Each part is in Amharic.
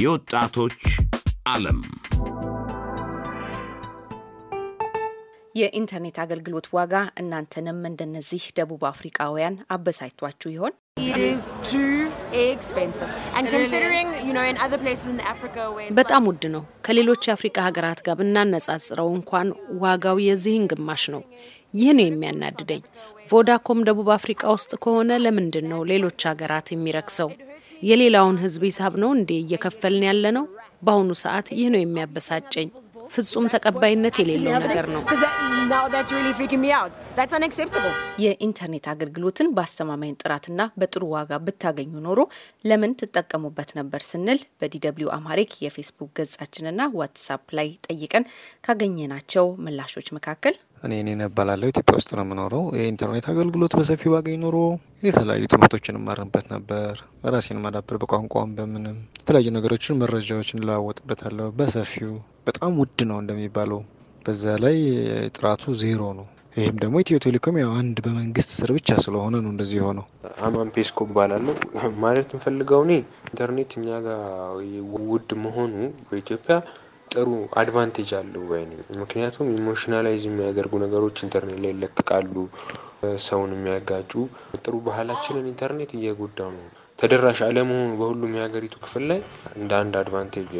የወጣቶች ዓለም የኢንተርኔት አገልግሎት ዋጋ እናንተንም እንደነዚህ ደቡብ አፍሪቃውያን አበሳጭቷችሁ ይሆን? በጣም ውድ ነው። ከሌሎች የአፍሪቃ ሀገራት ጋር ብናነጻጽረው እንኳን ዋጋው የዚህን ግማሽ ነው። ይህ ነው የሚያናድደኝ። ቮዳኮም ደቡብ አፍሪቃ ውስጥ ከሆነ ለምንድን ነው ሌሎች ሀገራት የሚረክሰው? የሌላውን ህዝብ ሂሳብ ነው እንዴ እየከፈልን ያለ ነው? በአሁኑ ሰዓት ይህ ነው የሚያበሳጨኝ። ፍጹም ተቀባይነት የሌለው ነገር ነው። የኢንተርኔት አገልግሎትን በአስተማማኝ ጥራትና በጥሩ ዋጋ ብታገኙ ኖሮ ለምን ትጠቀሙበት ነበር ስንል በዲደብሊው አማሪክ የፌስቡክ ገጻችንና ዋትሳፕ ላይ ጠይቀን ካገኘናቸው ምላሾች መካከል እኔ እኔ እባላለሁ። ኢትዮጵያ ውስጥ ነው የምኖረው። የኢንተርኔት አገልግሎት በሰፊው ባገኝ ኖሮ የተለያዩ ትምህርቶችን እማርንበት ነበር። በራሴን ማዳበር፣ በቋንቋም በምንም የተለያዩ ነገሮችን መረጃዎችን እለዋወጥበታለሁ በሰፊው። በጣም ውድ ነው እንደሚባለው፣ በዛ ላይ ጥራቱ ዜሮ ነው። ይህም ደግሞ ኢትዮ ቴሌኮም ያው አንድ በመንግስት ስር ብቻ ስለሆነ ነው እንደዚህ የሆነው። አማን ፔስኮ እባላለሁ። ማለት የምፈልገው እኔ ኢንተርኔት እኛ ጋር ውድ መሆኑ በኢትዮጵያ ጥሩ አድቫንቴጅ አለው ባይ ምክንያቱም ኢሞሽናላይዝ የሚያደርጉ ነገሮች ኢንተርኔት ላይ ይለቀቃሉ፣ ሰውን የሚያጋጩ ጥሩ ባህላችንን ኢንተርኔት እየጎዳው ነው። ተደራሽ አለመሆኑ በሁሉም የሀገሪቱ ክፍል ላይ እንደ አንድ አድቫንቴጅ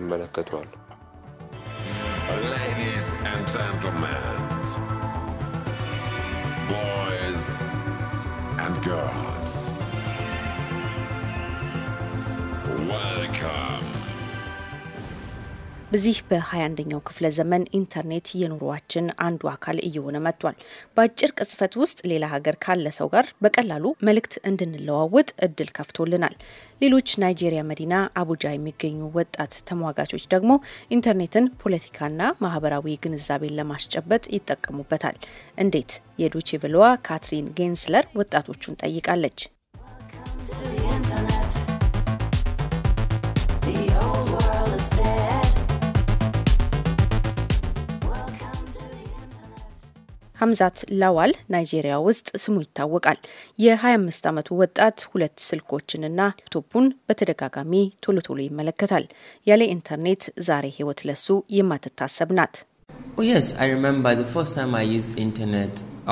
እመለከተዋለሁ። Girls. Welcome በዚህ በ21ኛው ክፍለ ዘመን ኢንተርኔት የኑሯችን አንዱ አካል እየሆነ መጥቷል። በአጭር ቅጽፈት ውስጥ ሌላ ሀገር ካለ ሰው ጋር በቀላሉ መልእክት እንድንለዋወጥ እድል ከፍቶልናል። ሌሎች ናይጄሪያ መዲና አቡጃ የሚገኙ ወጣት ተሟጋቾች ደግሞ ኢንተርኔትን ፖለቲካና ማህበራዊ ግንዛቤን ለማስጨበጥ ይጠቀሙበታል። እንዴት? የዶቼ ቬለዋ ካትሪን ጌንስለር ወጣቶቹን ጠይቃለች። ሀምዛት ላዋል ናይጄሪያ ውስጥ ስሙ ይታወቃል። የ25 ዓመቱ ወጣት ሁለት ስልኮችንና ላፕቶፑን በተደጋጋሚ ቶሎ ቶሎ ይመለከታል። ያለ ኢንተርኔት ዛሬ ህይወት ለሱ የማትታሰብ ናት። oh,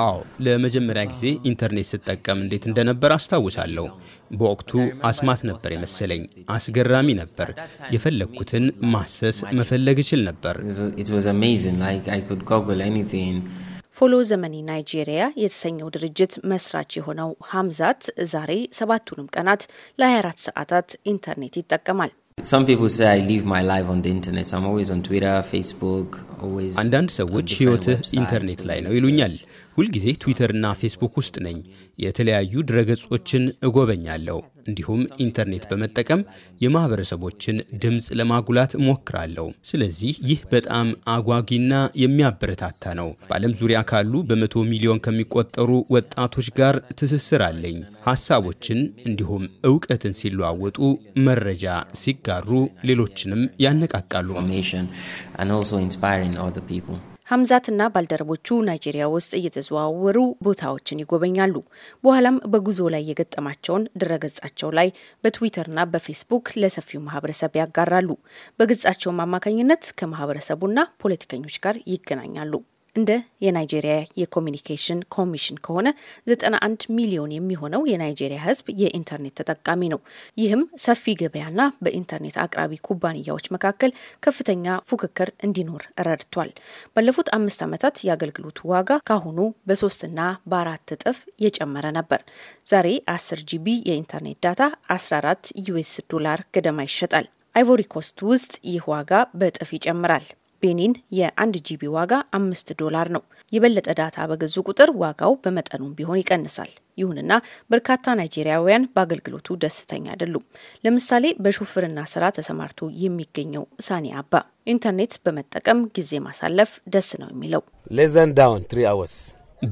አዎ ለመጀመሪያ ጊዜ ኢንተርኔት ስጠቀም እንዴት እንደነበር አስታውሳለሁ። በወቅቱ አስማት ነበር የመሰለኝ። አስገራሚ ነበር። የፈለግኩትን ማሰስ መፈለግ እችል ነበር። ፎሎ ዘመኒ ናይጄሪያ የተሰኘው ድርጅት መስራች የሆነው ሀምዛት ዛሬ ሰባቱንም ቀናት ለ24 ሰዓታት ኢንተርኔት ይጠቀማል። አንዳንድ ሰዎች ሕይወትህ ኢንተርኔት ላይ ነው ይሉኛል። ሁልጊዜ ትዊተርና ፌስቡክ ውስጥ ነኝ። የተለያዩ ድረገጾችን እጎበኛለሁ። እንዲሁም ኢንተርኔት በመጠቀም የማህበረሰቦችን ድምፅ ለማጉላት እሞክራለሁ። ስለዚህ ይህ በጣም አጓጊና የሚያበረታታ ነው። በዓለም ዙሪያ ካሉ በመቶ ሚሊዮን ከሚቆጠሩ ወጣቶች ጋር ትስስር አለኝ። ሀሳቦችን እንዲሁም እውቀትን ሲለዋወጡ፣ መረጃ ሲጋሩ፣ ሌሎችንም ያነቃቃሉ። ሀምዛትና ባልደረቦቹ ናይጄሪያ ውስጥ እየተዘዋወሩ ቦታዎችን ይጎበኛሉ። በኋላም በጉዞ ላይ የገጠማቸውን ድረገጻቸው ላይ በትዊተርና በፌስቡክ ለሰፊው ማህበረሰብ ያጋራሉ። በገጻቸውም አማካኝነት ከማህበረሰቡና ፖለቲከኞች ጋር ይገናኛሉ። እንደ የናይጄሪያ የኮሚኒኬሽን ኮሚሽን ከሆነ 91 ሚሊዮን የሚሆነው የናይጄሪያ ሕዝብ የኢንተርኔት ተጠቃሚ ነው። ይህም ሰፊ ገበያና በኢንተርኔት አቅራቢ ኩባንያዎች መካከል ከፍተኛ ፉክክር እንዲኖር ረድቷል። ባለፉት አምስት ዓመታት የአገልግሎቱ ዋጋ ካሁኑ በሶስትና በአራት እጥፍ የጨመረ ነበር። ዛሬ 10 ጂቢ የኢንተርኔት ዳታ 14 ዩኤስ ዶላር ገደማ ይሸጣል። አይቮሪ ኮስት ውስጥ ይህ ዋጋ በእጥፍ ይጨምራል። ቤኒን የአንድ ጂቢ ዋጋ አምስት ዶላር ነው። የበለጠ ዳታ በገዙ ቁጥር ዋጋው በመጠኑም ቢሆን ይቀንሳል። ይሁንና በርካታ ናይጄሪያውያን በአገልግሎቱ ደስተኛ አይደሉም። ለምሳሌ በሹፍርና ስራ ተሰማርቶ የሚገኘው ሳኒ አባ ኢንተርኔት በመጠቀም ጊዜ ማሳለፍ ደስ ነው የሚለው ሌዘን ዳውን ትሪ አወርስ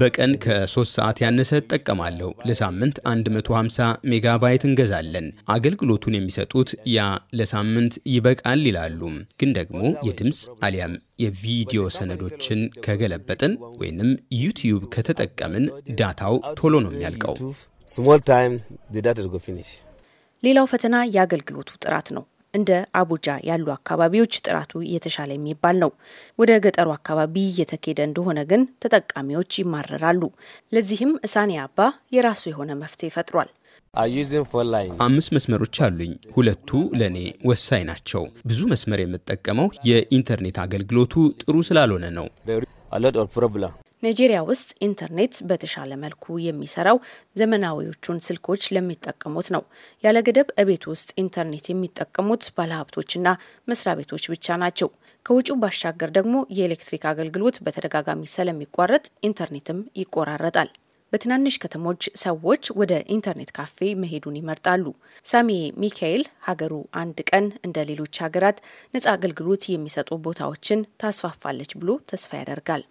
በቀን ከ3 ሰዓት ያነሰ እጠቀማለሁ። ለሳምንት 150 ሜጋባይት እንገዛለን። አገልግሎቱን የሚሰጡት ያ ለሳምንት ይበቃል ይላሉ። ግን ደግሞ የድምፅ አሊያም የቪዲዮ ሰነዶችን ከገለበጥን ወይንም ዩቲዩብ ከተጠቀምን ዳታው ቶሎ ነው የሚያልቀው። ሌላው ፈተና የአገልግሎቱ ጥራት ነው። እንደ አቡጃ ያሉ አካባቢዎች ጥራቱ እየተሻለ የሚባል ነው። ወደ ገጠሩ አካባቢ እየተኬደ እንደሆነ ግን ተጠቃሚዎች ይማረራሉ። ለዚህም እሳኔ አባ የራሱ የሆነ መፍትሄ ፈጥሯል። አምስት መስመሮች አሉኝ። ሁለቱ ለእኔ ወሳኝ ናቸው። ብዙ መስመር የምጠቀመው የኢንተርኔት አገልግሎቱ ጥሩ ስላልሆነ ነው። ናይጄሪያ ውስጥ ኢንተርኔት በተሻለ መልኩ የሚሰራው ዘመናዊዎቹን ስልኮች ለሚጠቀሙት ነው። ያለ ገደብ እቤት ውስጥ ኢንተርኔት የሚጠቀሙት ባለሀብቶችና መስሪያ ቤቶች ብቻ ናቸው። ከውጪው ባሻገር ደግሞ የኤሌክትሪክ አገልግሎት በተደጋጋሚ ስለሚቋረጥ ኢንተርኔትም ይቆራረጣል። በትናንሽ ከተሞች ሰዎች ወደ ኢንተርኔት ካፌ መሄዱን ይመርጣሉ። ሳሜ ሚካኤል ሀገሩ አንድ ቀን እንደ ሌሎች ሀገራት ነጻ አገልግሎት የሚሰጡ ቦታዎችን ታስፋፋለች ብሎ ተስፋ ያደርጋል።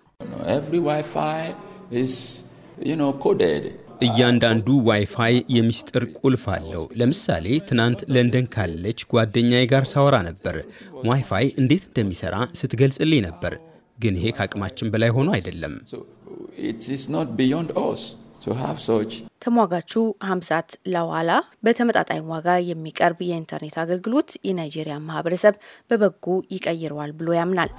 እያንዳንዱ ዋይፋይ የሚስጥር ቁልፍ አለው። ለምሳሌ ትናንት ለንደን ካለች ጓደኛዬ ጋር ሳወራ ነበር። ዋይፋይ እንዴት እንደሚሰራ ስትገልጽልኝ ነበር። ግን ይሄ ከአቅማችን በላይ ሆኖ አይደለም። ተሟጋቹ ሀምሳት ለዋላ በተመጣጣኝ ዋጋ የሚቀርብ የኢንተርኔት አገልግሎት የናይጄሪያ ማህበረሰብ በበጎ ይቀይረዋል ብሎ ያምናል።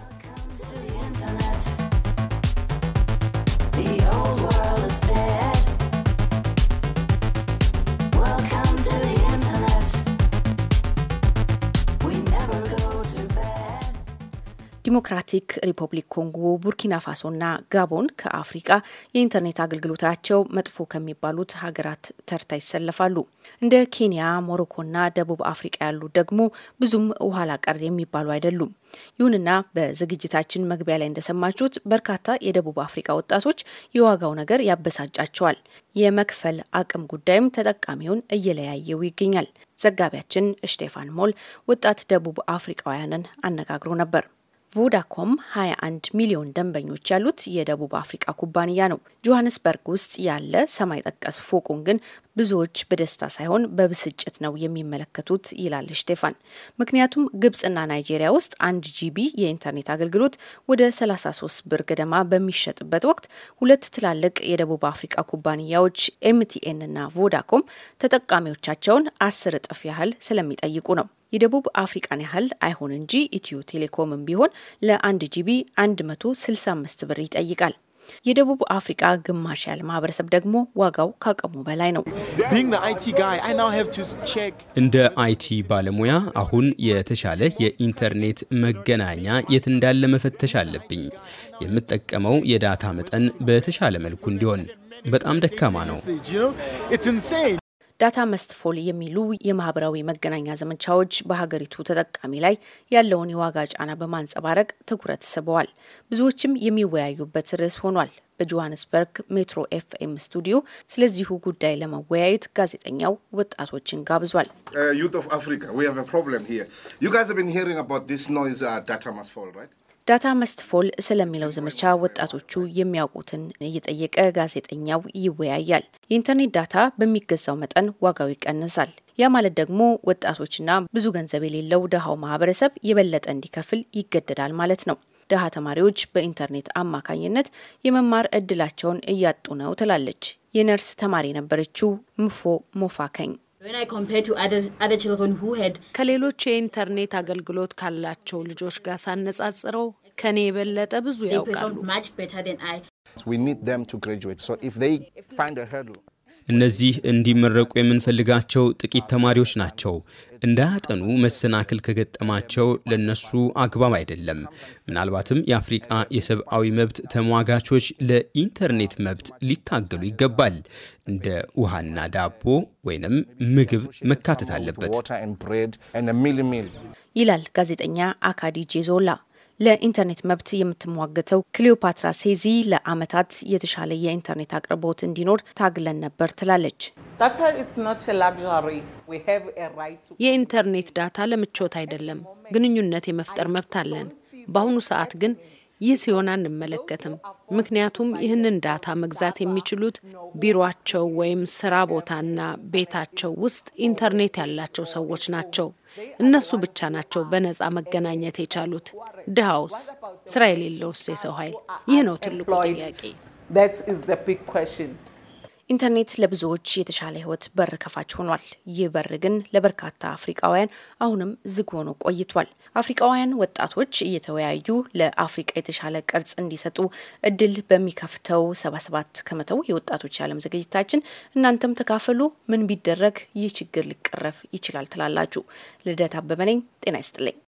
ዲሞክራቲክ ሪፐብሊክ ኮንጎ፣ ቡርኪና ፋሶና ጋቦን ከአፍሪቃ የኢንተርኔት አገልግሎታቸው መጥፎ ከሚባሉት ሀገራት ተርታ ይሰለፋሉ። እንደ ኬንያ፣ ሞሮኮና ደቡብ አፍሪቃ ያሉ ደግሞ ብዙም ኋላ ቀር የሚባሉ አይደሉም። ይሁንና በዝግጅታችን መግቢያ ላይ እንደሰማችሁት በርካታ የደቡብ አፍሪቃ ወጣቶች የዋጋው ነገር ያበሳጫቸዋል። የመክፈል አቅም ጉዳይም ተጠቃሚውን እየለያየው ይገኛል። ዘጋቢያችን ስቴፋን ሞል ወጣት ደቡብ አፍሪቃውያንን አነጋግሮ ነበር። ቮዳኮም 21 ሚሊዮን ደንበኞች ያሉት የደቡብ አፍሪካ ኩባንያ ነው። ጆሃንስበርግ ውስጥ ያለ ሰማይ ጠቀስ ፎቁን ግን ብዙዎች በደስታ ሳይሆን በብስጭት ነው የሚመለከቱት ይላል ሽቴፋን። ምክንያቱም ግብጽና ናይጄሪያ ውስጥ አንድ ጂቢ የኢንተርኔት አገልግሎት ወደ 33 ብር ገደማ በሚሸጥበት ወቅት ሁለት ትላልቅ የደቡብ አፍሪካ ኩባንያዎች ኤምቲኤን እና ቮዳኮም ተጠቃሚዎቻቸውን አስር እጥፍ ያህል ስለሚጠይቁ ነው። የደቡብ አፍሪቃን ያህል አይሆን እንጂ ኢትዮ ቴሌኮምም ቢሆን ለአንድ ጂቢ 165 ብር ይጠይቃል። የደቡብ አፍሪቃ ግማሽ ያህል ማህበረሰብ ደግሞ ዋጋው ካቀሙ በላይ ነው። እንደ አይቲ ባለሙያ አሁን የተሻለ የኢንተርኔት መገናኛ የት እንዳለ መፈተሽ አለብኝ። የምጠቀመው የዳታ መጠን በተሻለ መልኩ እንዲሆን በጣም ደካማ ነው። ዳታ መስትፎል የሚሉ የማህበራዊ መገናኛ ዘመቻዎች በሀገሪቱ ተጠቃሚ ላይ ያለውን የዋጋ ጫና በማንጸባረቅ ትኩረት ስበዋል። ብዙዎችም የሚወያዩበት ርዕስ ሆኗል። በጆሃንስበርግ ሜትሮ ኤፍኤም ስቱዲዮ ስለዚሁ ጉዳይ ለመወያየት ጋዜጠኛው ወጣቶችን ጋብዟል። ዩት ኦፍ አፍሪካ ዳታ መስትፎል ስለሚለው ዘመቻ ወጣቶቹ የሚያውቁትን እየጠየቀ ጋዜጠኛው ይወያያል። የኢንተርኔት ዳታ በሚገዛው መጠን ዋጋው ይቀንሳል። ያ ማለት ደግሞ ወጣቶችና ብዙ ገንዘብ የሌለው ድሃው ማህበረሰብ የበለጠ እንዲከፍል ይገደዳል ማለት ነው። ድሃ ተማሪዎች በኢንተርኔት አማካኝነት የመማር እድላቸውን እያጡ ነው ትላለች የነርስ ተማሪ የነበረችው ምፎ ሞፋከኝ። ከሌሎች የኢንተርኔት አገልግሎት ካላቸው ልጆች ጋር ሳነጻጽረው ከኔ የበለጠ ብዙ ያውቃሉ። እነዚህ እንዲመረቁ የምንፈልጋቸው ጥቂት ተማሪዎች ናቸው። እንዳያጠኑ መሰናክል ከገጠማቸው ለነሱ አግባብ አይደለም። ምናልባትም የአፍሪቃ የሰብአዊ መብት ተሟጋቾች ለኢንተርኔት መብት ሊታገሉ ይገባል። እንደ ውሃና ዳቦ ወይንም ምግብ መካተት አለበት ይላል ጋዜጠኛ አካዲ ጄዞላ። ለኢንተርኔት መብት የምትሟገተው ክሊዮፓትራ ሴዚ ለአመታት የተሻለ የኢንተርኔት አቅርቦት እንዲኖር ታግለን ነበር ትላለች። የኢንተርኔት ዳታ ለምቾት አይደለም፣ ግንኙነት የመፍጠር መብት አለን። በአሁኑ ሰዓት ግን ይህ ሲሆን አንመለከትም። ምክንያቱም ይህንን ዳታ መግዛት የሚችሉት ቢሮቸው ወይም ስራ ቦታና ቤታቸው ውስጥ ኢንተርኔት ያላቸው ሰዎች ናቸው። እነሱ ብቻ ናቸው በነጻ መገናኘት የቻሉት። ድሃውስ? ስራ የሌለውስ የሰው ኃይል? ይህ ነው ትልቁ ጥያቄ። ኢንተርኔት ለብዙዎች የተሻለ ህይወት በር ከፋች ሆኗል። ይህ በር ግን ለበርካታ አፍሪቃውያን አሁንም ዝግ ሆኖ ቆይቷል። አፍሪቃውያን ወጣቶች እየተወያዩ ለአፍሪቃ የተሻለ ቅርጽ እንዲሰጡ እድል በሚከፍተው 77 ከመተው የወጣቶች የዓለም ዝግጅታችን እናንተም ተካፈሉ። ምን ቢደረግ ይህ ችግር ሊቀረፍ ይችላል ትላላችሁ? ልደት አበበ ነኝ። ጤና ይስጥልኝ።